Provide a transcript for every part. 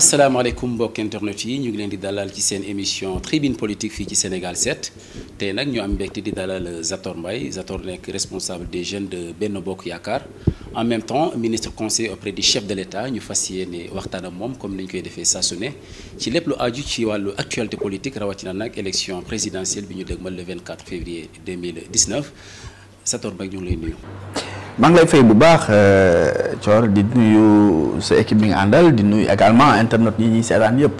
asalaamaaleykum mbokk internet yi ñu ngi leen di dalal ci seen émission tribune politique fii ci Sénégal 7 tey nag ñu am mbégte di dalal Zator Mbaye Zator nekk responsable des jeunes de benn Bokk Yaakaar en même temps ministre conseiller auprès du chef de l'État ñu fas yéene waxtaan ak moom comme ni koy defee saa su ne ci lépp lu aju ci wàllu actualité politique rawatina nag élection présidentielle bi ñu dégmal le 24 février 2019 Zator Mbaye ñu ngi lay nuyu. maa ngi lay fay bu baax euh, Thior di nuyu sa équipe bi nga àndal di nuyu également internet yi ñuy seetaan yëpp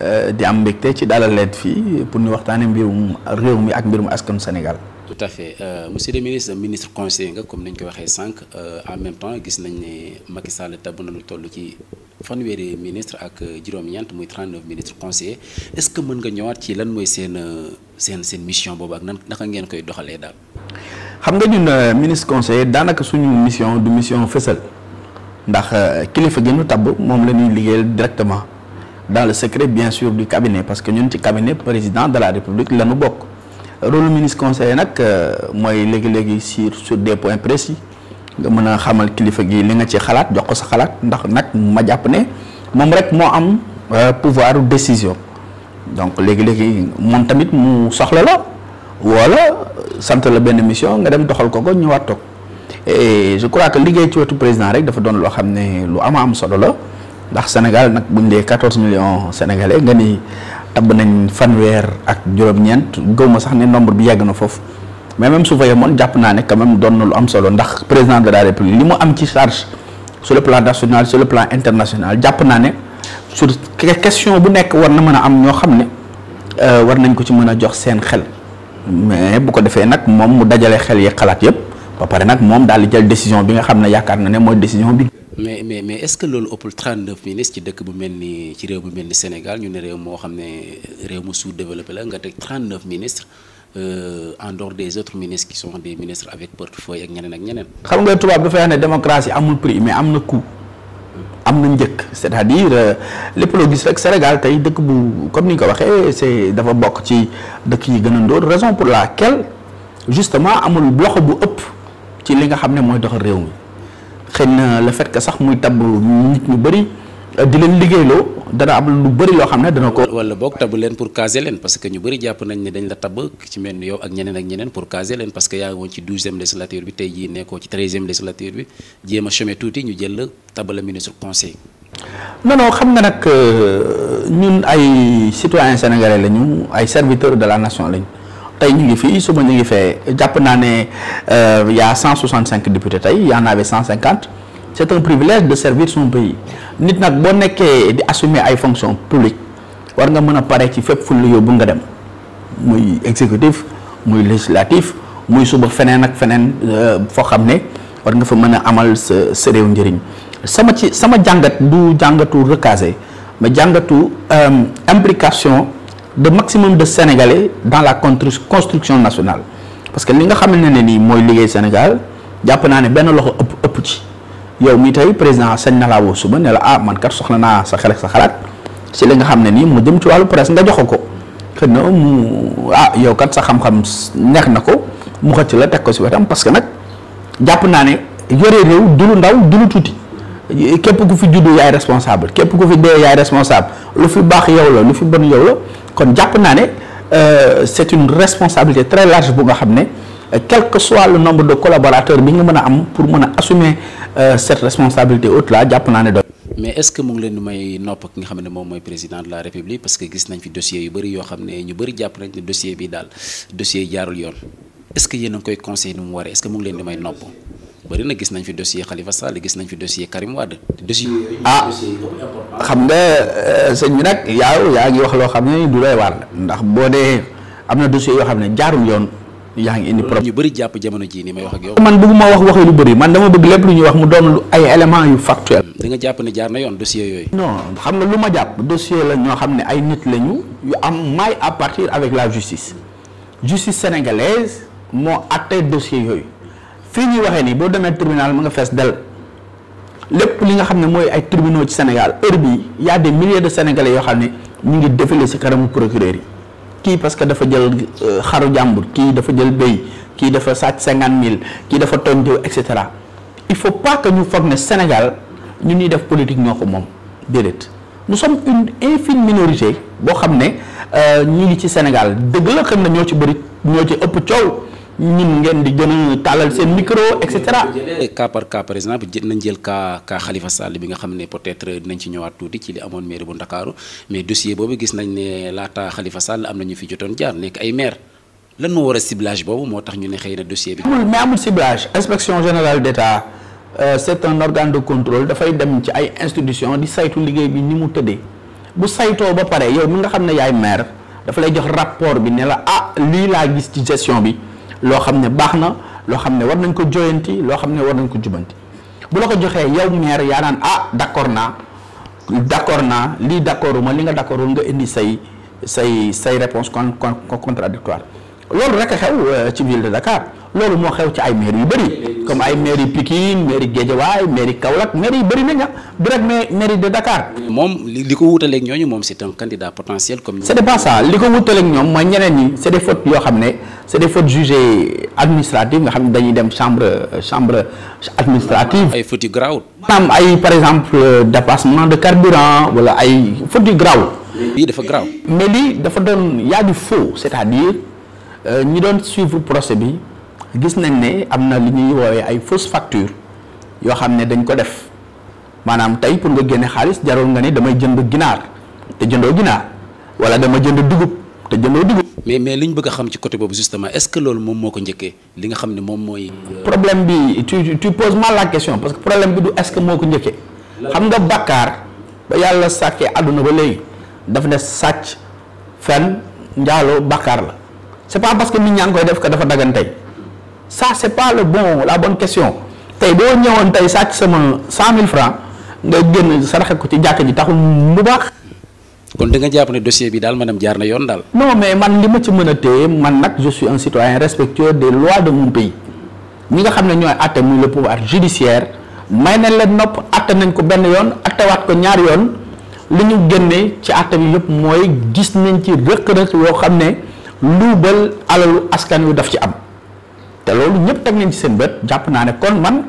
euh, di am mbégte ci dalal leen fii pour ñu waxtaanee mbirum réew mi ak mbirum askanu Sénégal. tout à fait euh, monsieur le ministre ministre conseiller nga comme nañ koy waxee sànq euh, en même temps gis nañ ne Macky Sall tabb na lu toll ci fanweeri ministre ak juróom-ñeent muy 39 ministres conseillers est-ce que mën nga ñëwaat ci lan mooy seen seen seen mission boobu ak nan naka ngeen koy doxalee daal. xam nga ñun euh, ministre conseiller daanaka suñu mission du mission fësal ndax euh, kilifa gi nu tab moom la ñuy liggéeyal directement dans le secret bien sûr du cabinet parce que ñun ci cabinet président de la république la ñu bokk rôle ministre conseil nag euh, mooy léegi-léegi sur sur des points précis nga mën a xamal kilifa gi li nga ci xalaat jox ko sa xalaat ndax nag ma jàpp ne moom rek moo am pouvoir décision donc léegi-léegi moom tamit mu soxla la wala sant la benn mission nga dem doxal ko ko ñëwaat toog et je crois que liggéey ci wetu président rek dafa doon loo xam ne lu ama am solo la ndax Sénégal nag buñ dee quatorze millions sénégalais nga ni tabb nañ fanweer ak juróom-ñeent gëw ma sax ne nombre bi yàgg na foofu mais même su fa yemoon jàpp naa ne quand même doon na lu am solo ndax président de la république li mu am ci charge sur le plan national sur le plan international jàpp naa ne sur question bu nekk war na mën a am ñoo xam ne euh, war nañ ko ci mën a jox seen xel. mais bu ko defee nag moom mu dajale xel yi xalaat yëpp ba pare nag moom daal di jël décision bi nga xam ne yaakaar na ne mooy décision bi. mais mais mais est-ce que loolu ëppul ci dëkk bu mel ni ci réew bu mel ni Sénégal ñu ne réew moo xam ne réew mu sous-développé la nga teg 39 ministres euh, en dehors des autres ministres qui sont des ministres avec portefeuille ak ñeneen ak ñeneen. xam nga tubaab dafay amul prix mais am na coût. am na njëkk c'est-à-dire euh, lépp loo gis rek Sénégal tey dëkk bu comme ni ñu ko waxee c'est dafa bokk ci dëkk yi gën a ndóor raison pour laquelle justement amul loxo bu ëpp ci li nga xam ne mooy dox réew mi xëy na le fait que sax muy tabb nit mu bëri. di leen liggéeyloo dana am lu bëri loo xam ne dana ko. wala boog tabb leen pour caser leen parce que ñu bëri jàpp nañ ne dañ la tabb ci mel ni yow ak ñeneen ak ñeneen pour caser leen parce que yaa ngi woon ci douzième législature bi tey jii nekkoo ci treizième législature bi jéem a chômer tuuti ñu jël la tabb la ministre conseil. non xam nga nag euh, ñun ay citoyens sénégalais lañu ay serviteurs de la nation lañu tey ñu ngi fii suba ñu ngi fee jàpp naa ne euh, y' a cent soixante cinq tey y en cent cinquante. c'est un privilège de servir son pays nit nag boo nekkee di assumer ay fonctions publiques war nga mën a pare ci fépp fu la yóbbu nga dem muy exécutif muy législatif muy suba feneen ak feneen euh, foo xam ne war nga fa mën a amal sa réew njëriñ sama ci sama jàngat du jàngatu recasé ma jàngatu euh, implication de maximum de sénégalais dans la construction nationale parce que li nga xam ne ne nii mooy liggéey Sénégal jàpp naa ne benn loxo ëpp ëpp ci. yow mi tey président sañ na laa woo suba ne la ah man kat soxla naa sa xel sa xalaat si la nga xam ne nii mu jëm ci wàllu presse nga joxe ko xëy na mu ah yow kat sa xam-xam neex na ko mu xëcc la teg ko si wetam parce que nag jàpp naa ne yore réew du lu ndaw du lu tuuti képp ku fi juddu yaay responsable képp ku fi dee yaay responsable lu fi baax yow la lu fi bon yow la kon jàpp naa ne euh, c'est une responsabilité très large bu nga xam ne. quel que soit le nombre de collaborateurs bi nga mën a am pour mën a assumer euh, cette responsabilité haute là jàpp naa ne doy. mais est-ce que mu ngi leen di may nopp ki nga xam ne moom mooy président de la république parce que gis nañ fi dossier yu bëri yoo xam ne ñu bëri jàpp nañ ne dossier bi daal dossier yi jaarul koy conseil ni mu waree est-ce que mu ngi leen di may nopp bëri na gis nañ fi dossier Khalifa Sall gis nañ fi dossier Karim Wade dossier ah xam nga euh, sëñ bi nag yaaw yaa ngi wax loo xam ne du doy waar ndax boo dee am na dossier yoo xam ne jaarul yoon yaa ngi indi problème ñu bëri jàpp jamono jii ni may wax yow. man bëgguma wax waxee lu bëri man dama bëgg lépp lu ñuy wax mu doon lu ay éléments yu factuel. Mm, da nga jàpp ne jaar na yoon dossier yooyu. non xam nga lu ma jàpp dossier la ñoo xam ne ay nit lañu yu am maille à partir avec la justice justice sénégalaise moo àttee dossier yooyu fii ñuy waxee nii boo demee tribunal mu nga fees del lépp li nga xam ne mooy ay tribunaux ci Sénégal heure bii y a des milliers de sénégalais yoo xam ne ñu ngi défilé ci kanamu procureur yi. kii parce que dafa jël euh, xaru jàmbur kii dafa jël béy kii dafa sàcc cinquante mille kii dafa tooñ diw et cetera il faut pas que ñu foog ne Sénégal ñu ñuy def politique ñoo ko moom déedéet nous sommes une infime minorité boo xam ne euh, ñu ngi ci Sénégal dëgg la xam na ñoo ci bëri ñoo ci ëpp coow. ñun ngeen di gën a tàllal seen micro et cetera. cas par cas nañ jël cas cas Khalifa Sall bi nga xam ne peut-être dinañ ci ñëwaat tuuti ci li amoon maire bu Ndakaaru mais dossier boobu gis nañ ne laata xalifa Sall am na ñu fi jotoon jaar nekk ay maire lan moo war a ciblage boobu moo tax ñu ne xëy na dossier bi. amul mais amul ciblage inspection générale d'État euh, c'est un de contrôle dafay dem ci ay institution di saytu liggéey bi ni mu tëddee bu saytoo ba pare yow mi nga xam ne yaay maire dafa lay jox rapport bi ne la ah lii laa gis ci gestion bi. loo xam ne baax na loo xam ne war nañ ko joyanti loo xam ne war nañ ko jubanti bu la ko joxee yow maire yaa naan ah d'accord naa d'accord naa lii ma li nga d'accordul nga indi say say say réponse con con contradictoire loolu rek a xew euh, ci ville de Dakar loolu moo xew ci ay maire yu bëri comme ay maire yu Pikine maire yu Guédiawaye maire yu Kaolack maire yu bëri nañ ah, du rek maire de Dakar. moom li ko wutaleeg ñooñu moom c'est un candidat potentiel c'est pas ça li ko wutaleeg ñoom mooy ñeneen ñi c'est des fautes yoo xam ne. c'est des fautes jugées administratives nga xam ne dañuy dem chambre chambre administrative. ay fautes yu garaaw. ay par exemple euh, dépassement de carburant wala ay fautes yu garaaw. dafa garaaw. mais lii dafa doon y a du faux c'est-à-dire euh, ñi doon suivre procès bi gis nañ ne am na li ñuy woowee ay fausses factures yoo xam ne dañ ko def maanaam tey pour nga génne xaalis jarul nga ne damay jënd ginaar te jëndoo ginaar wala dama jënd dugub te jëndoo dugub. mais mais li ñu bëgg xam ci côté boobu justement est-ce que loolu moom moo ko njëkkee li nga xam ne moom mooy. Euh, problème bi tu tu poses mal la question parce que problème bi du est-ce que moo ko njëkkee. xam nga bàkkaar ba yàlla sàkkee àdduna ba léegi dafa ne sàcc fen njaaloo bàkkaar la c'est pas parce que nit ñaa ngi koy def que dafa daggantee tey ça c'est pas le bon la bon question tey boo ñëwoon tey sàcc sama 100000 francs nga génn saraxe ko ci jàkk ji taxul kon da nga jàpp ne dossier bi daal maanaam jaar na yoon daal. non mais man li ma ci mën a téye man nag je suis un citoyen respectueux des lois de mon pays ñi nga xam ne ñooy àtte muy le pouvoir judiciaire may nañ leen nopp àtte nañ ko benn yoon àttewaat ko ñaar yoon li ñu génne ci àtte bi yëpp mooy gis nañ ci rëq-rëq yoo xam ne luubal alalu askan wi daf ci am te loolu ñëpp teg nañ ci seen bët jàpp naa ne kon man.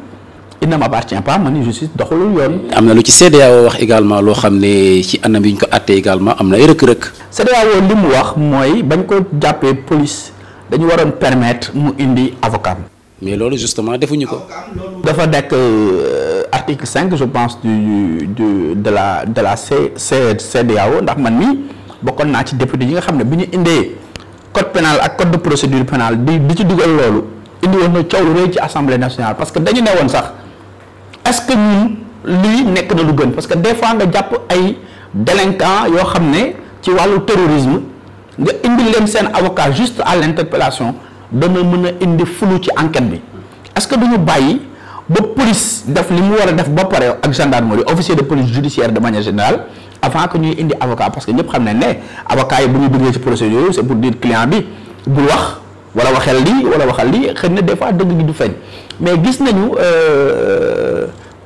il ne m'appartient pas man je suis doxalul yoon. am na lu ci CEDEAO wax également loo xam ne ci anam yi ñu ko àtte également am na ay rëkk-rëkk. CEDEAO li mu wax mooy bañ ko jàppee police dañu waroon permettre mu indi avocat. mais loolu justement defuñu ko. dafa nekk euh, article cinq je pense du du la de la C CEDEAO ndax man mii bokkoon naa ci député yi nga xam ne bi ñu indee code pénal ak code de procédure pénale di di ci dugal loolu indi woon na coow lu rëy ci assemblée nationale parce que dañu ne woon sax. est-ce que ñun lii nekk na lu gën parce que des fois nga jàpp ay délinquants yoo xam ne ci wàllu terrorisme nga indi leen seen avocat juste à l'interpellation dana mën a indi fulu ci enquête bi est-ce que duñu bàyyi ba police def li mu war a def ba pare ak gendarmerie officier de police judiciaire de manière générale avant que ñuy indi avocat parce que ñëpp xam nañ ne avocat yi bu ñu duggee ci procédure yooyu c'est pour dire client bi bul wax wala waxel lii wala waxal lii xëy na des fois dëgg gi du feeñ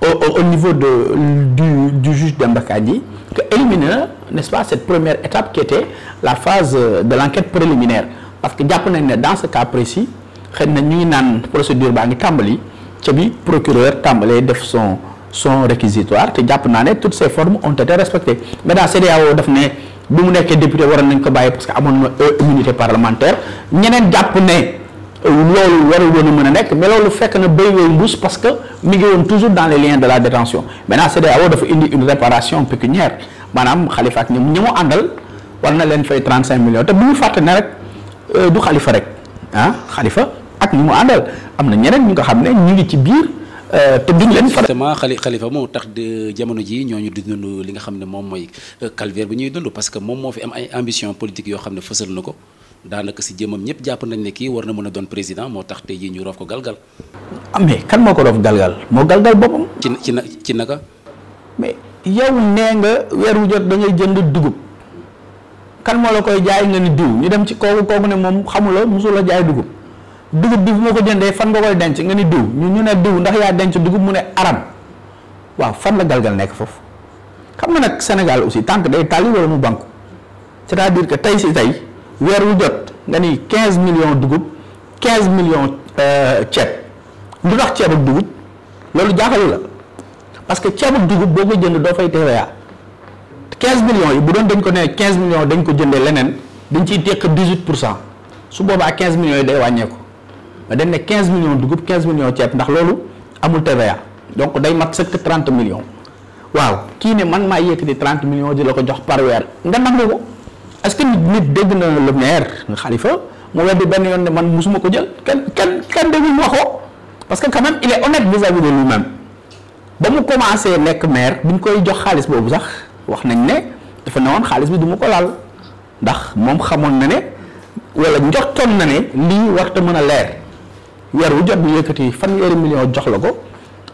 au, au niveau de, du, du juge d'Ambakadji que élimine na n'est-ce pas cette première étape qui était la phase de l'enquête préliminaire parce que jàpp nañ ne dans ce cas précis xëy na ñu ngi naan procédure baa ngi tàmbali ca bi procureur tàmbalee def son son réquisitoire te jàpp naa ne toutes ces formes ont été respectées mais dans CEDEAO ne bi mu nekkee député waroon nañ ko bàyyi parce que amoon na immunité parlementaire ñeneen jàpp ne loolu warul woon a mën a nekk mais loolu fekk na béy wooyu mbuus parce que mi ngi woon toujours dans les liens de la détention maintenant CEDEAO dafa indi une réparation pécuniaire maanaam Khalifa ak ñoom ñi mu àndal war na leen fay 35 millions te bu ñu fàtte ne rek euh, du Khalifa rek ah Khalifa ak ñi mu àndal am na ñeneen ñu nga xam ne ñu ngi ci biir euh, te duñ leen faral. justement xali xalifa moo tax jamono jii ñoo ñu dund li nga xam ne moom mooy euh, calvaire bi ñuy dund parce que moom moo fi am ay ambition politique yoo xam ne fësal na ko. daanaka si jëmam ñëpp jàpp nañ ne kii war na mën a doon président moo tax tey jii ñu roof ko galgal. amee ah, kan moo ko roof galgal moo galgal boppam. ci ci na ci naka. mais yow nee nga weer wu jot da ngay jënd dugub kan moo la koy jaay nga ni diw ñu dem ci kooku kooku ne moom xamula mosula jaay dugub dugub bi fu ma ko jëndee fan nga koy denc nga ni diw ñu ñu ne diw ndax yaa denc dugub mu ne arab waaw fan la galgal nekk foofu xam nga nag Sénégal aussi tànk day tàlli wala mu banku cest à que tey si tey. weer wu jot nga ni quinze millions dugub quinze millions euh, ceeb lu tax ceeb dugub loolu jaaxalu la parce que ceeb dugub boo ko jënd doo fay TVA quinze millions yi bu doon dañ ko nee quinze millions dañ ko jëndee leneen dañ ci tekk 18 pour cent su boobaa 15 millions yi day wàññeeku mais dañ ne 15 millions dugub 15 millions ceeb ndax loolu amul TVA donc day mat sëkk trent millions waaw kii ne man maa yëkkati trent millions di la ko jox par ko. est-ce que nit dégg na le meer nga xalifa mu weddi benn yoon ne man musuma ko jël kenn kenn kenn déggul wax ko parce que quand même il est honnête vis-à-vis ba mu commencé nekk meer bi koy jox xaalis boobu sax wax nañ ne dafa ne woon xaalis bi du ma ko laal ndax moom xamoon na ne wala njortoon na ne lii warta mën a leer weer wu jot bu yëkkati fanweeri million jox la ko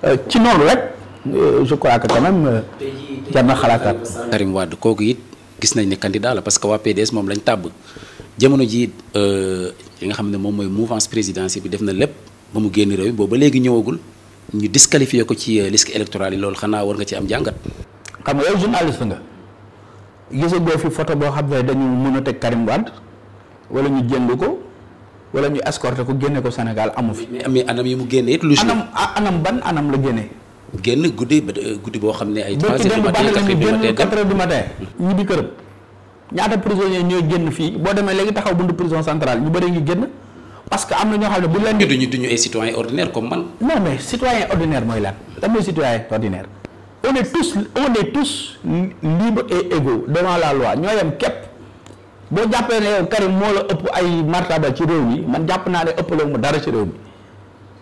euh, ci noonu rek euh, je crois que quand même euh, jar na xalaataat Karim gis nañ ne candidat la parce que waa PDS moom lañ tàbb jamono ji euh, li nga xam ne moom mooy mouvance présidence bi def na lépp ba mu génn réew mi boobu ba léegi ñëwagul ñu disqualifié ko ci euh, liste électorale yi loolu xanaa war nga ci am jàngat. xam nga yow journaliste nga gisagoo fi photo boo xam ne dañu mën a teg Karim Wade wala ñu jënd ko wala ñu escorté ko génne ko Sénégal amu fi. mais anam yi mu génne it lu. anam anam ban anam la génne. génn guddi euh, guddi boo xam ne ay. trois heures du matin quatre këram ñaata prisonniers ñooy génn fii boo demee léegi taxaw buntu prison centrale ñu bëri ngi génn parce que am na ñoo xam ne bu leen. duñu duñu ay citoyen ordinaire comme man. non mais citoyen ordinaire mooy lan lan mooy citoyen ordinaire. on est tous on est tous libres et égaux devant la loi ñoo yem képp boo jàppee ne yow moo la ëpp ay martaba ci réew mi man jàpp naa ne ëppaloo mu dara ci réew mi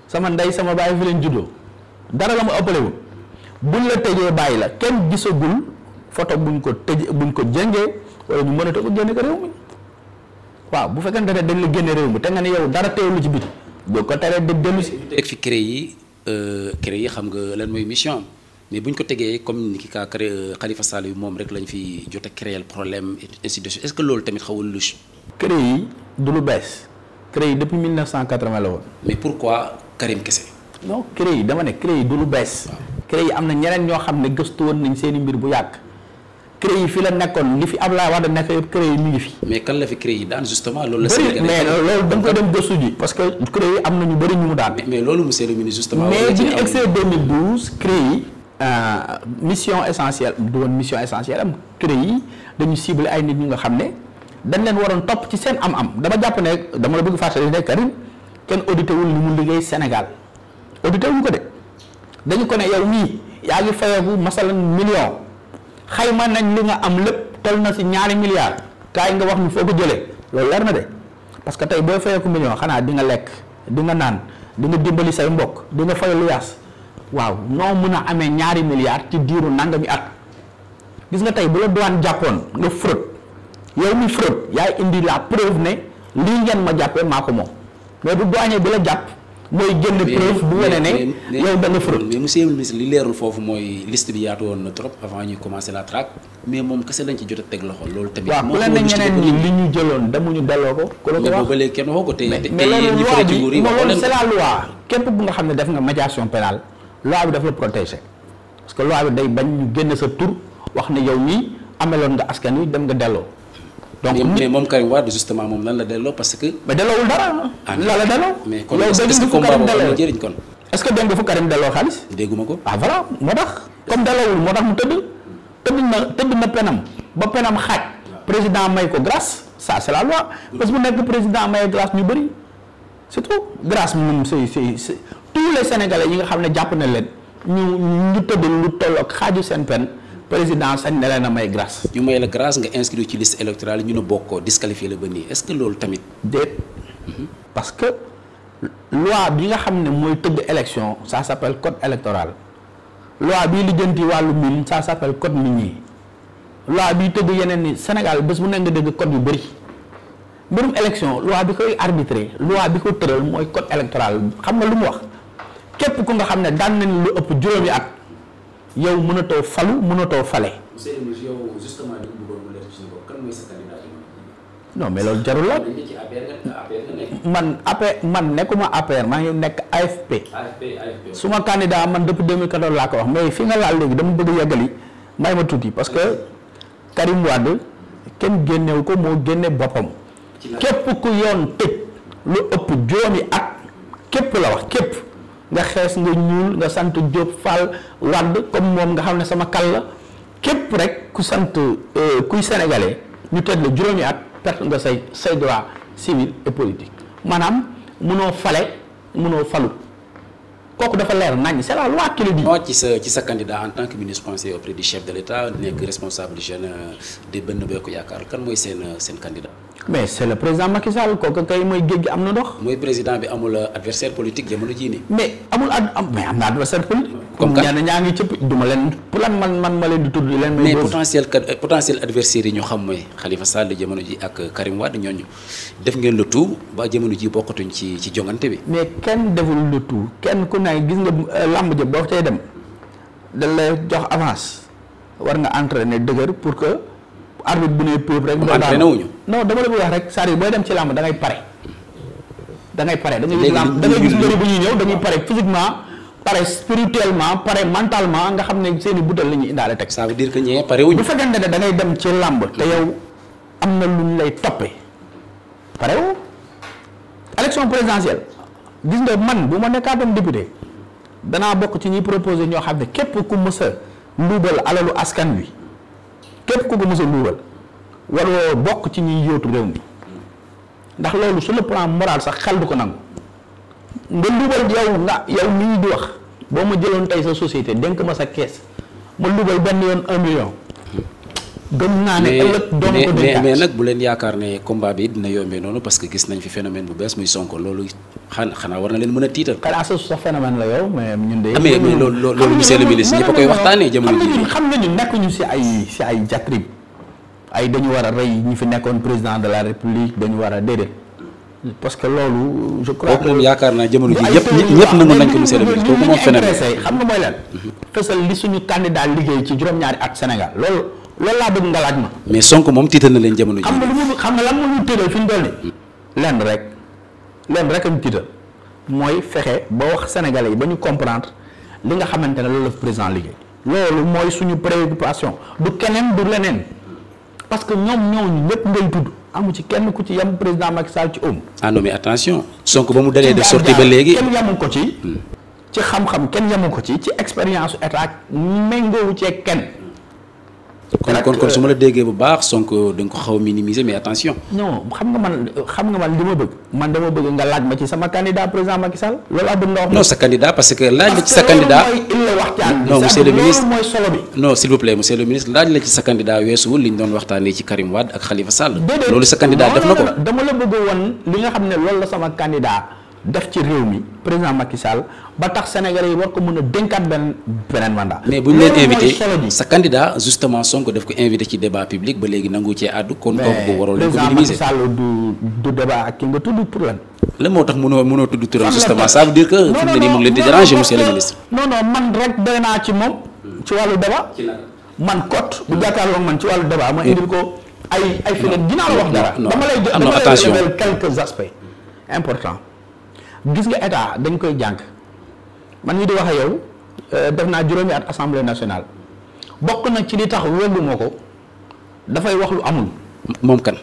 sama ndey sama baay fi leen dara la mu ëppalewul buñ la tëjee bàyyi la kenn gisagul photo buñ ko tëj buñ ko jëngee wala ñu mën a ko génne ko réew mi waaw bu fekkante ne dañ la génne réew mi te nga ne yow dara teewlu ci biti boo ko teree de dellu si. teg fi CREI yi euh, CREI yi xam nga lan mooy mission mais bu ñu ko tegee comme ni ki kaa euh, Khalifa Sall yu moom rek lañu fi jot a créer problème institution est ce que loolu tamit xawul louche. CREI yi du lu bees CREI yi depuis 1980 la woon. mais pourquoi Karim Kese. non CREI dama ne CREI du lu bees. CREI am na ñeneen ñoo xam ne gëstu woon nañ seen i mbir bu yàgg. CREI fi la nekkoon li fi Abdoulaye Wade nekk yëpp CREI mi ngi fi. mais kan la fi CREI daan justement loolu la. Sénégal mais da nga koy dem gëstu ji. parce que CREI am na ñu bëri ñu mu daan. mais loolu monsieur le ministre justement. mais bi ñu egsee 2012 CREI. Euh, mission essentielle du woon mission essentielle am CREI dañu ciblé ay nit ñu nga xam ne dañ leen waroon topp ci seen am-am dama jàpp ne dama la bëgg fàttali nekk Karim kenn audité wul li mu liggéey Sénégal. audité wuñ ko de dañu ko ne yow mii yaa ngi fayeeku masalan million xayma nañ li nga am lépp toll na si ñaari milliards kaay nga wax ñu foo ko jëlee loolu leer na de parce que tey boo fayeeku million xanaa di nga lekk di nga naan di nga dimbali say mbokk di nga fay lu yaas waaw noo mën a amee ñaari milliards ci diiru nangami at gis nga tey bu la douane jàppoon nga fraude yow mi fraude yaay indi la preuve ne lii ngeen ma jàppee maa ko moom mais bu douanier mooy génn preuve bu wane ne yow da nga fraude mais foofu mooy liste bi yaatu woon na trop avant ñuy commencer la traque mais moom kese lañ ci jot a teg loxo loolu tamit waaw la ne ñeneen ñi li ñu jëloon damuñu loolu loi bi loolu c'est la képp bu nga xam ne def nga médiation pénale loi bi daf la protéger parce que loi bi day bañ ñu génn sa tur wax ne yow nii ameloon nga askan wi dem nga delloo donc mais moom Karim Wade justement moom lan la delloo parce que. mais delloowul dara. Ah, la la delloo. mais kon est-ce que combat boobu amul jëriñ kon. est-ce fu Karim delloo xaalis. dégguma ko ah voilà moo tax. comme delloowul moo tax mu tëdd. tëdd na tëdd na penam ba penam xaaj. président may ko grâce ça c'est la loi. parce que bu nekk président may grâce ñu bëri surtout grâce moom c'est c'est tous les sénégalais yi nga xam ne jàpp na leen ñu ñu tëdd lu toll ak xaaju seen pen. président sañ ne leen a may grâce. ñu may la grâce nga inscrire ci liste électorale ñu ne bokkoo disqualifié la ba nii est-ce que loolu tamit. Mhm. parce que loi bi nga xam ne mooy tëgg élection ça s'appelle code électoral loi bi lijjanti wàllu mine ça s'appelle code minier loi bii tëgg yeneen ni Sénégal bés mu nekk nga dégg code yu bëri mbirum élection loi bi koy arbitré loi bi ko tëral mooy code électoral xam nga lu mu wax képp ku nga xam ne daan nañ lu ëpp juróom juróomi at. yow mënatoo falu mënatoo fale. non mais loolu jarul la man APR man nekkuma APR maa ngi nekk AFP. su ma candidat man depuis 2014 laa ko wax mais fi nga laal léegi dama bëgg yeggali may ma tuuti parce que Karim Wade kenn génnewu ko moo génne boppam. képp ku yoon tëj lu ëpp juróomi at képp la wax képp. nga xees nga ñuul nga sant Diop Fall Wade comme moom nga xam ne sama kal la képp rek ku sant euh, kuy sénégalais ñu teg la juróomi at perte nga say say droit civil et politique maanaam munoo fale munoo falu kooku dafa leer nañ c'est la loi qui le dit. non ci sa ci sa candidat en tant que ministre conseiller auprès du chef de l'État nekk responsable jeune euh, de Benno Bokk Yaakaar kan mooy seen euh, seen candidat. mais c' est le président Macky Sall kooku kay mooy géej gi am na ndox. mooy président bi amul adversaire politique jamono jii nii. mais amul adversaire politique. comme kat ñenn ñaa ngi cëpp du ma man ma leen di tudd leen. mais potentiel potentiel adversaire yi ñoo xam mooy Khalifa Sall jamono ji ak Karim Wade ñooñu def ngeen le tout ba jamono ji bokkatuñ ci ci jongante bi. mais kenn deful le tout kenn ku ne gis nga euh, làmb ja boo tey dem dañ lay jox avance war nga entraîner dëgër pour que. arbitre bu ne preuve rek. entraîné wuñu non dama la bëgg wax rek c'est-à-dire booy dem ci làmb da ngay pare. da ngay pare da ngay gis làmb bu ñuy ñëw dañuy pare physiquement pare spirituellement pare mentalement nga xam ne seen i butal la ñuy indaale teg. ça veut dire que ñee pare wuñu. ne da ngay dem ci làmb te mm-hmm. yow am na luñ lay toppee pare wu. élection présidentielle gis nga man bu ma nekkaatoon député danaa bokk ci ñuy proposé ñoo xam ne képp ku mës a luubal alalu askan wi. képp ku ko mos a luubal waroo bokk ci ñuy yóotu réew mi ndax loolu sur le plan moral sax xel du ko nangu nga luubal yow nga yow nii di wax boo ma jëloon tey sa société dénk ma sa kees ma luubal benn yoon un million gëm naa ne ëllëg doon ko mais mais nag bu leen yaakaar ne combat bi dina yombee noonu parce que gis nañ fi phénomène bu bees muy sonko loolu xan xanaa war na leen mën a tiital. kalaasu sax phénomène la yow mais ñun de. Ah, mais mais loolu loolu monsieur le ministre ñëpp a koy waxtaanee jamono jii xam nga ñun nekkuñu si ay si ay jatrib ay dañu war a rey ñi fi nekkoon président de la république dañu war a déedéet parce que loolu. je crois que moom yaakaar naa jamono ji ñëpp ñëpp nangu nañ ko monsieur le ministre kooku moom phénomène xam nga mooy lan. Mhm. fësal li suñu candidat liggéey ci juróom-ñaari at Sénégal loolu loolu laa bëgg nga laaj ma. mais Sonko moom tiital na leen jamono ji. xam nga lu mu xam nga lan moo ñu tiital fi mu toll nii. lenn rek lenn rek am tiital mooy fexe ba wax sénégalais yi ba ñu comprendre li nga xamante ne loolu la président liggéey. loolu mooy suñu préoccupation du keneen du leneen parce que ñoom ñooñu ñëpp ngay tudd amu ci kenn ku ci yem président Macky Sall ci ëmb. ah non mais attention. Sonko ba mu dalee de sorti ba léegi kenn yemul ko ci. Hmm. ci xam kenn yemul ko ci ci expérience état méngoowu cee kenn. kon kon kon su ma la déggee bu baax Sonko da nga ko xaw a mais attention. non xam nga man xam nga man li ma bëgg man dama bëgg nga laaj ma ci sama candidat président Macky sa candidat parce que laaj la ci sa candidat non monsieur le ministre mooy solo bi. non s'il vous plaît monsieur le ministre laaj la ci sa candidat weesuwul li ñu doon waxtaanee ci Karim Wade ak Khalifa Sall. loolu sa candidat def na ko dama la bëgg woon li nga xam ne loolu la sama candidat. def ci réew mi président Macky Sall ba tax Sénégalais yi war ko mun a dénkaat benn beneen mandat. mais bu ñu leen invité sa candidat justement Sonko def ko invité ci débat public ba léegi nangu cee àddu. kon kooku bu waroon leen ko minimiser président Macky Sall du du lan. lan moo tax mënoo mënoo tudd turam justement ça veut dire que fi mu ne nii mu ngi leen di déranger monsieur man rek doy naa ci moom. ci wàllu débat. man cote bu jàkkaarloo man ci wàllu débat ma indil ko. ay ay feneen dinaa la wax dara. dama lay dama lay révéler quelques aspects importants gis nga état dañ koy jànk man mii di wax ak yow euh, def naa juróomi at assemblée nationale bokk na ci li tax wëllu moo ko dafay wax lu amul. moom kan.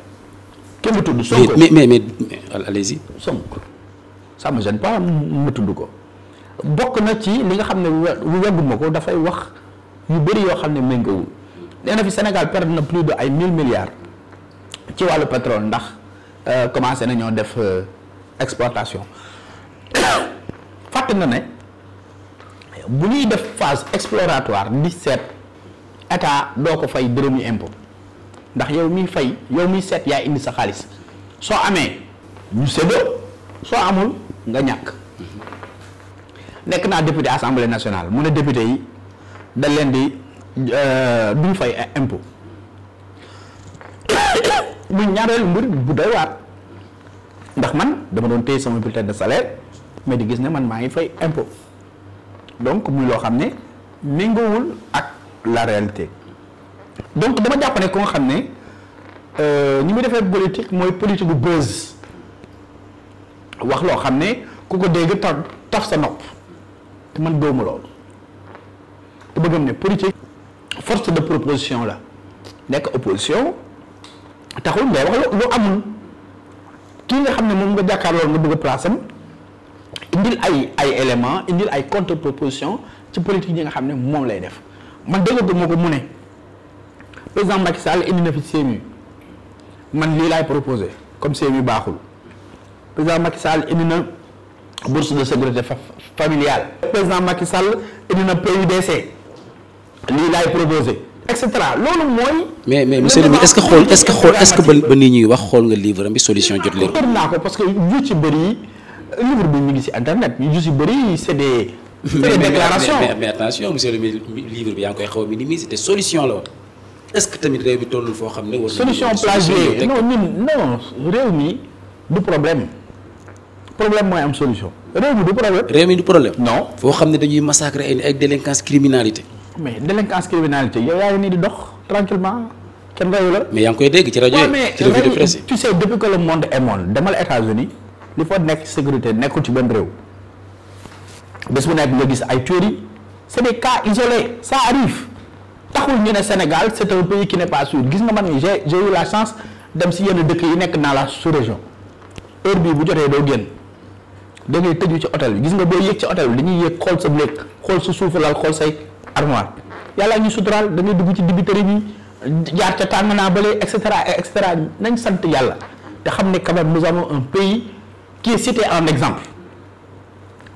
kenn mu tudd Sonko mais mais mais allez-y. tudd ko bokk na ci li nga xam ne wëllu ma ko dafay wax yu bëri yoo xam ne méngawul nee na fi Sénégal perd na plus de ay mill milliards ci wàllu pétrole ndax euh, commencé nañoo def euh, exportation. fàtte na ne bu ñuy def phase exploratoire di seet état doo ko fay dërëmu impôt ndax yow miy fay yow miy seet yaa indi sa xaalis soo amee ñu séddoo soo amul nga ñàkk nekk naa député assemblée nationale mun a député yi dañ leen di euh, duñ fay impôt muy ñaareel mbir bu doy waar ndax man dama doon téye sama bulletin de salaire mais di gis ne man maa ngi fay impôt donc muy loo xam ne méngoowul ak la réalité donc dama jàpp ne ko nga xam ne euh, ni muy defee politique mooy politique bu buzz wax loo xam ne ku ko dégg taf taf sa nopp te man gëwuma loolu te bëggam ne politique force de proposition la nekk opposition taxul ngay wax lu amul kii nga xam ne moom nga jàkkaarloo nga bëgg a place am indil ay ay éléments indil ay contre proposition ci politique yi nga xam ne moom lay def man dégg moo ko mu ne président Macky Sall indi na fi CMU man lii laay proposé comme CMU baaxul président Macky Sall indi na bourse de sécurité familiale. président Macky Sall indi na PUDC lii laay proposé. et cetera loolu mooy. mais mais monsieur le ministre est-ce xool est-ce xool est-ce ba ba ñuy wax xool nga livre bi solution jot leen. xool parce que yu ci bëri. livre bi mi ngi ci internet yu si bëri c'est des. c'est des déclarations mais, mais, attention monsieur le livre ngi koy xaw a minimiser te solution la woon est-ce que tamit réew bi tollul foo xam ne. war solution plagié non ñun non réew mi du problème problème mooy am solution. réew mi du problème. réew mi foo xam ne dañuy massacrer ay ay délinquance criminalité. mais délinquance criminalité yow yaa ngi nii di dox tranquillement kenn reyu la. mais yaa ngi koy dégg ci rajo yi ci revue de presse tu sais depuis demal États-Unis li fa nekk sécurité nekkul ci benn réew bés bu nekk nga gis ay tueries c'est des cas isolés ça arrive taxul ñu ne Sénégal c'est un pays qui n'est pas sûr gis nga man ni j'ai j'ai eu la chance dem si yenn dëkk yi nekk naa la sous-région heure bii bu jotee doo génn da ngay tëju ci hôtel bi gis nga boo yéeg ci hôtel bi dañuy yéeg xool sa néeg xool su suufu lal xool say armoire yàlla ñu suturaal da ngay dugg ci dibiteri bi jaar ca tàng naa bële et cetera et nañ sant yàlla te xam ne quand même nous qui est cité en exemple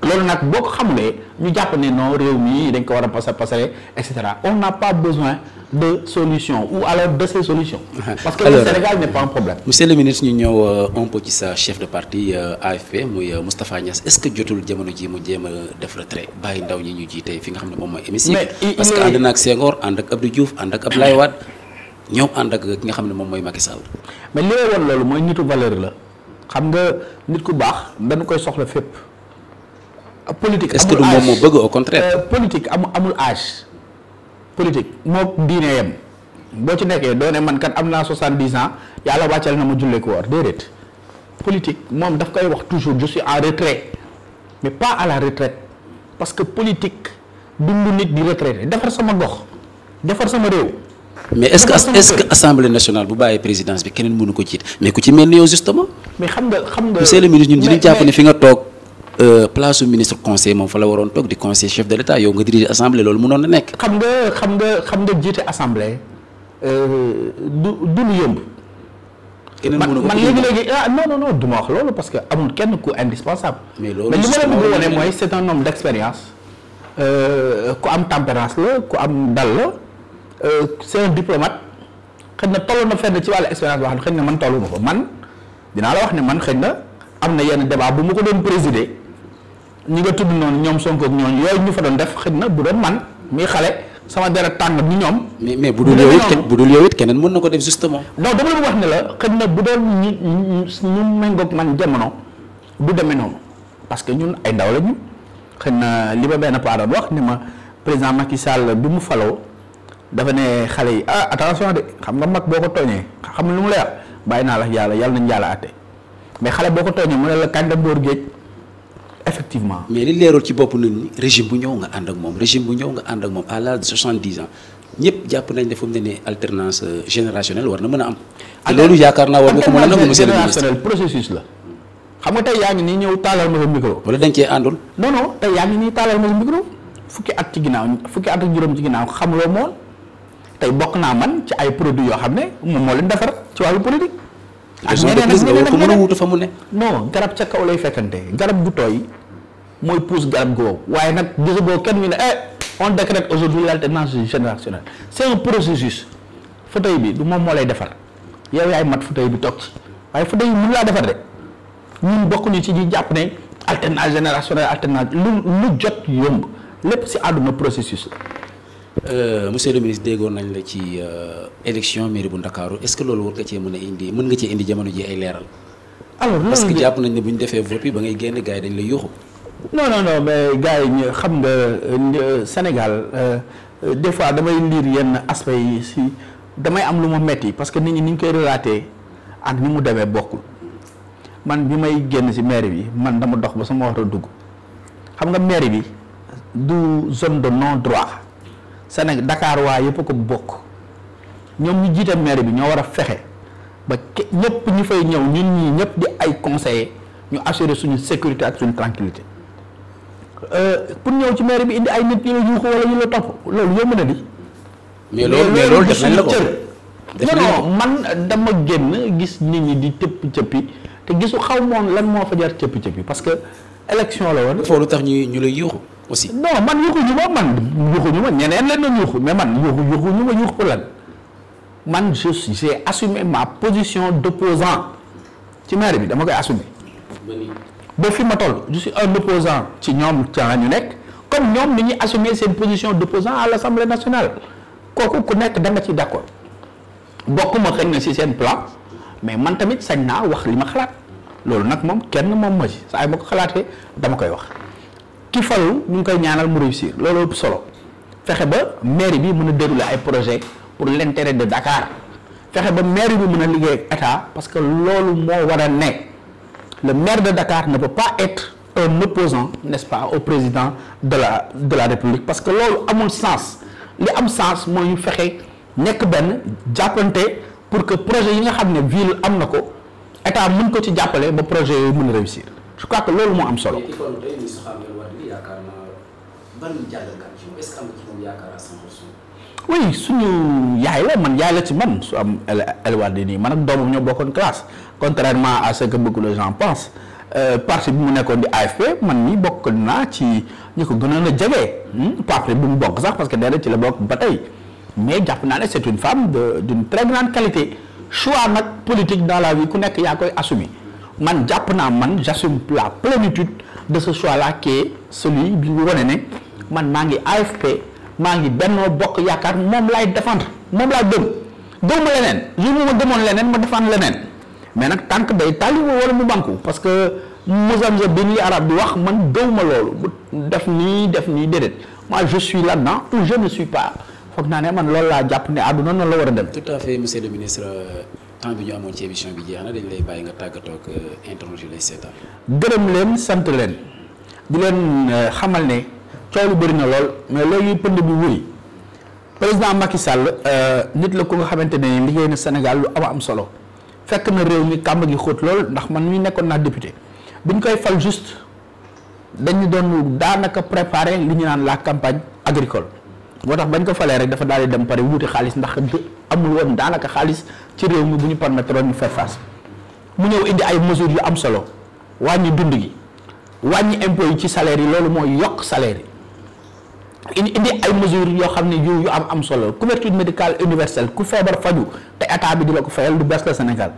loolu nag boo ko xamulee ñu jàpp ne non réew mi dañ ko war a passer passer et cetera on n'a pas besoin de solution ou alors de ces solutions. parce que alors, le Sénégal n'est pas un problème. monsieur le ñu ñëw euh, un peu ci sa chef de parti euh, AFP muy euh, Moustapha Niass est-ce que jotul jamono ji mu jéem a def retrait bàyyi ndaw ñi ñu jiite fi nga xam ne moom mooy. hémicycle parce que ànd na ak Senghor ànd ak Abdou Diouf ànd ak Abdoulaye Wade ñëw ànd ak ki nga xam ne moom mooy Macky loolu mooy nitu valeur la. xam nga nit ku baax dañu koy soxla fépp. politique est-ce que du moom moo bëgg au contraire. Euh, politique amul amul âge. politique moo diine yem boo ci nekkee doo ne man kat am naa soixante-dix ans yàlla wàccal na ma jullee ko war déedéet. politique moom daf koy wax toujours je suis en retrait mais pas à la retraite parce que politique dundu nit di retraité defar sama gox defar sama réew. mais est-ce que est-ce que assemblée nationale bu bàyyi présidence bi keneen mënu ko jiit mais ku ci mel ni yow justement. mais xam nga xam nga monsieur le ministre ñun dinañ jàpp euh, moom fa waroon toog di conseil chef de l'État yow nga diriger assemblée loolu na xam nga xam nga xam nga jiite assemblée euh, du du lu yomb. keneen mënu ko man léegi léegi ah non non non du ma wax loolu parce que amul kenn ku indispensable. mais loolu mais li ma la bëgg mooy c'est un homme d'expérience. Euh, ku am tempérance la ku am dal la. Euh, c'est un diplomate xëy na tollu na fenn ci wàllu expérience boo xam ne xëy na man tollu ma ko man dinaa la wax ne man xëy na am na yenn débat bu ma ko doon présider ñu nga tudd noonu ñoom Sonko ak ñooñu yooyu ñu fa doon def xëy na bu doon man muy xale sama dara tàng ni ñoom. mais mais bu dul yow it bu dul yow keneen mën na ko def justement. non dama la wax ne la xëy na bu doon ñi ñu méngoog man jamono du demee noonu parce que ñun ay ndaw lañu xëy na li ma benn paa doon wax ne ma président Macky Sall bi mu faloo. dafa ne xale yi ah attention de xam nga mag boo ko tooñee xam lu mu lay wax bàyyi naa la yàlla yàlla nañ yàlla àtte mais xale boo ko tooñee mu ne la kànga boor géej effectivement. mais li leerul ci bopp nit ñi régime bu ñëw nga ànd ak moom régime bu ñëw nga ànd moom à l'âge de soixante dix ans ñëpp jàpp nañ ne fu ne nii alternance euh, générationnelle war na mën a am. te loolu yaakaar naa war nga ko mën a nangu monsieur le ministre processus la. xam nga tey yaa ngi nii ñëw taalal ma sa micro. dañ cee àndul. non non yaa ngi fukki at ci ginnaaw fukki at ak tey bokk naa man ci ay produit yoo xam ne moom moo leen defar ci wàllu politique. ak ñeneen ak ñeneen ak ñeneen mën a ne. non garab ca kaw lay fekkante garab gu tooy mooy pousse garab gu waaye nag gis boo kenn ñu ne eh on décrète aujourd'hui l'alternance générationnelle c'est un processus fauteuil bi du moom moo lay defar yow yaay mat fauteuil bi toog ci waaye fauteuil bi mënu laa defar de ñun bokkuñu ci jàpp ne alternance générationnelle alternance lu lu jot yomb lépp si àdduna processus Euh, monsieur le ministre déggoon nañ la ci euh, élection mairie bu Ndakaaru est-ce que loolu war nga cee mën a indi mën nga cee indi jamono ji ay leeral. alors parce que nañ ne bu ñu defee vote bi ba ngay génn gars yi dañ lay yuuxu. noo non non mais gars yi xam nga euh, Sénégal des fois damay lire yenn aspects yi si damay am lu ma metti parce que nit ñi ni ñu koy relater ak ni mu demee bokkul man bi may génn si maire bi man dama dox ba sama war a dugg xam nga maire bi du zone de non droit. Sénégal Dakar waa yëpp ko bokk ñoom ñu jiite maire bi ñoo war a fexe ba ñëpp ñu fay ñëw ñu ñii ñëpp di ay conseillers ñu assurer suñu sécurité ak suñu tranquillité euh, pour ñëw ci maire bi indi ay nit ñu la yuuxu wala ñu la topp loolu yomb a di. mais loolu mais loolu def nañ la ko man dama génn gis nit ñi di tëpp cëppi te gisu xaw moom lan moo fa jar cëppi cëppi parce que. élection la woon. foofu lu tax ñu ñu lay yuuxu aussi. non man yuuxuñu ma man yuuxuñu ma ñeneen lañ doon yuuxu mais man yuuxu yuuxuñu ma yuuxu lan man je suis j'ai assumé ma position d'opposant ci maire bi dama koy assumé. ba fi ma toll je si un opposant ci ñoom ca ñu nekk comme ñoom ni ñuy assumer seen position d'opposant à l'Assemblée nationale kooku ku nekk da nga ci d'accord bokkuma xëy na si seen plan mais man tamit sañ naa wax li ma xalaat. loolu nag moom kenn moom ma saa yi ma ko xalaatee dama koy wax ki falu ñu ngi koy ñaanal mu réussir loolu solo fexe ba mairie bi mun a dérouler ay projet pour l'intérêt de Dakar fexe ba mairie bi mën a liggéey ak état parce que loolu moo war a nekk le maire de Dakar ne peut pas être un opposant n'est-ce pas au président de la de la République parce que loolu amul sens li am sens mooy ñu fexe nekk benn jàppante pour que projet yi nga xam ne ville am na ko état mun ko ci jàppale ba projet yooyu mën réussir je crois que loolu moo am solo. oui suñu yaay la man yaay la ci man su am Elwadi nii man ak doomam ñoo bokkoon classe contrairement à ce que beaucoup de gens pensent euh, bi mu nekkoon di AFP man nii bokk naa ci ñu ko gën a jege hmm, parti bi mu bokk sax parce que nee na ci la bokk ba tey mais jàpp naa ne c'est une femme de d'une très grande qualité. choix nag politique dans la vie ku nekk yaa koy assumer man jàpp naa man j'assume la plénitude de ce choix là qui est celui bi ñu wane ne man maa ngi AFP maa ngi Benno Bokk Yaakaar moom laay défendre moom laay gëm gëmuma leneen jour bu ma gëmoon leneen ma défendre leneen mais nag tànk day tali ma wala mu banku parce que Mozambique bi ni arab bi wax man gëmuma loolu def nii def nii déedéet moi je suis là-dedans ou je ne suis pas foog naa ne man loolu laa jàpp ne àdduna noonu la war a dem. tout à fait monsieur le ministre euh, temps bi ñu amoon lay bàyyi nga tàggatoo ak euh, internet yu lay gërëm leen sant leen di leen euh, xamal ne coow lu bëri na lool mais léegi pënd bi wuri président Macky Sall nit la ko nga xamante ne liggéey na Sénégal lu am am solo fekk na réew mi kàmb gi xóot lool ndax man mi nekkoon naa député bi ñu koy fal juste dañu doon daanaka préparer li ñu naan la campagne agricole. moo tax bañ ko falee rek dafa daal di dem pare wuti xaalis ndax amul woon daanaka xaalis ci réew mi bu ñu permettre ñu faire face mu ñëw indi ay mesures yu am solo wàññi dund gi wàññi impôt yi ci salaire yi loolu mooy yokk salaire yi indi ay mesures yoo xam ne yu yu am am solo couverture médicale universelle ku feebar faju te état bi di la ko fayal du bees la Sénégal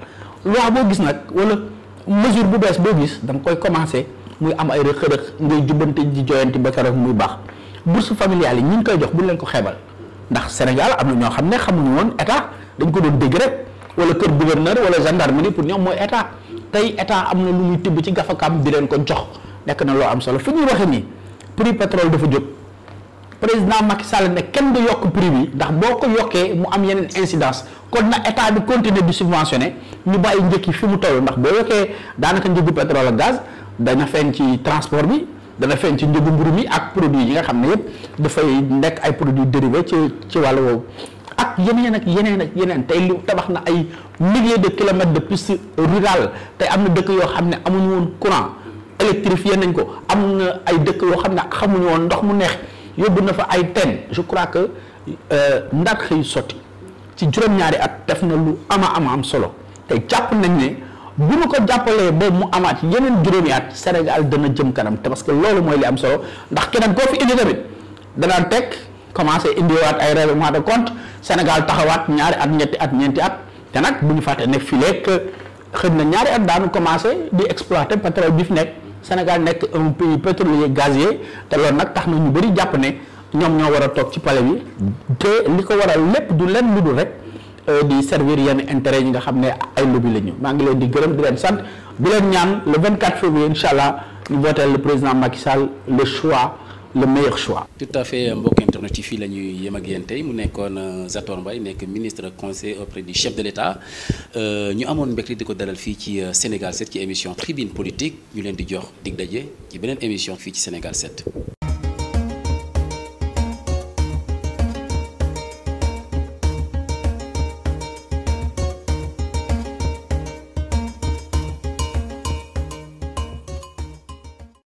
loi boo gis nag wala mesure bu bees boo gis danga koy commencé muy am ay rëq-rëq ngay ji joyanti ba keroog muy baax. bourse familiale yi ñu ngi koy jox bu leen ko xeebal ndax Sénégal am na ñoo xam ne xamuñu woon état dañ ko doon dégg rek wala kër gouverneur wala gendarmerie pour ñoom mooy état tey état am na lu muy tibb ci gafakaam di leen ko jox nekk na loo am solo fi ñuy waxee nii prix pétrole dafa jóg président Macky Sall ne kenn du yokk prix bi ndax boo ko yokkee mu am yeneen incidence kon na état bi continuer di subventionné ñu bàyyi njëkk yi fi mu toll ndax boo yokkee daanaka njëgu pétrole ak gaz dana feeñ ci transport bi. dana feeñ ci njëgu mburu mi ak produit yi nga xam ne yépp dafay nekk ay produits dérivés ci ci wàllu woowu ak yeneen ak yeneen ak yeneen tey li tabax na ay milliers de kilomètres de piste rurale tey am na dëkk yoo xam ne amuñu woon courant électrifié nañ ko am na ay dëkk yoo xam ne xamuñu woon ndox mu neex yóbbu na fa ay teen je crois que euh, Ndar xëy sotti ci juróom-ñaari at def na lu ama ama am solo te jàpp nañ ne. bu ñu ko jàppalee ba mu amaat yeneen juróomi at Sénégal dana jëm kanam te parce que loolu mooy li am solo ndax keneen koo fi indi tamit danaan teg commencé indiwaat ay règlement de compte Sénégal taxawaat ñaari at ñetti at ñeenti at te nag bu ñu fàttee nekk fii lekk xëy na ñaari at daanu commencé di exploiter pétrole bi fi nekk Sénégal nekk un pays pétrolier gazier te loolu nag tax na ñu bëri jàpp ne ñoom ñoo war a toog ci pale bi te li ko waral lépp du lenn lu rek. Euh, di servir yenn intérêt yi nga xam ne ay lobby la ñu maa ngi leen di gërëm di leen sant di leen ñaan le 24 février incha allah ñu votel le président Macky Sall le choix le meilleur choix. tout à fait mbokk internet yi fii la ñuy yem ak tey mu nekkoon euh, Zator Mbaye nekk ministre conseil auprès du chef de l'État euh, ñu amoon mbégte di ko dalal fii ci Sénégal 7 ci émission tribune politique ñu leen di jox dig daje ci beneen émission fii ci Sénégal 7.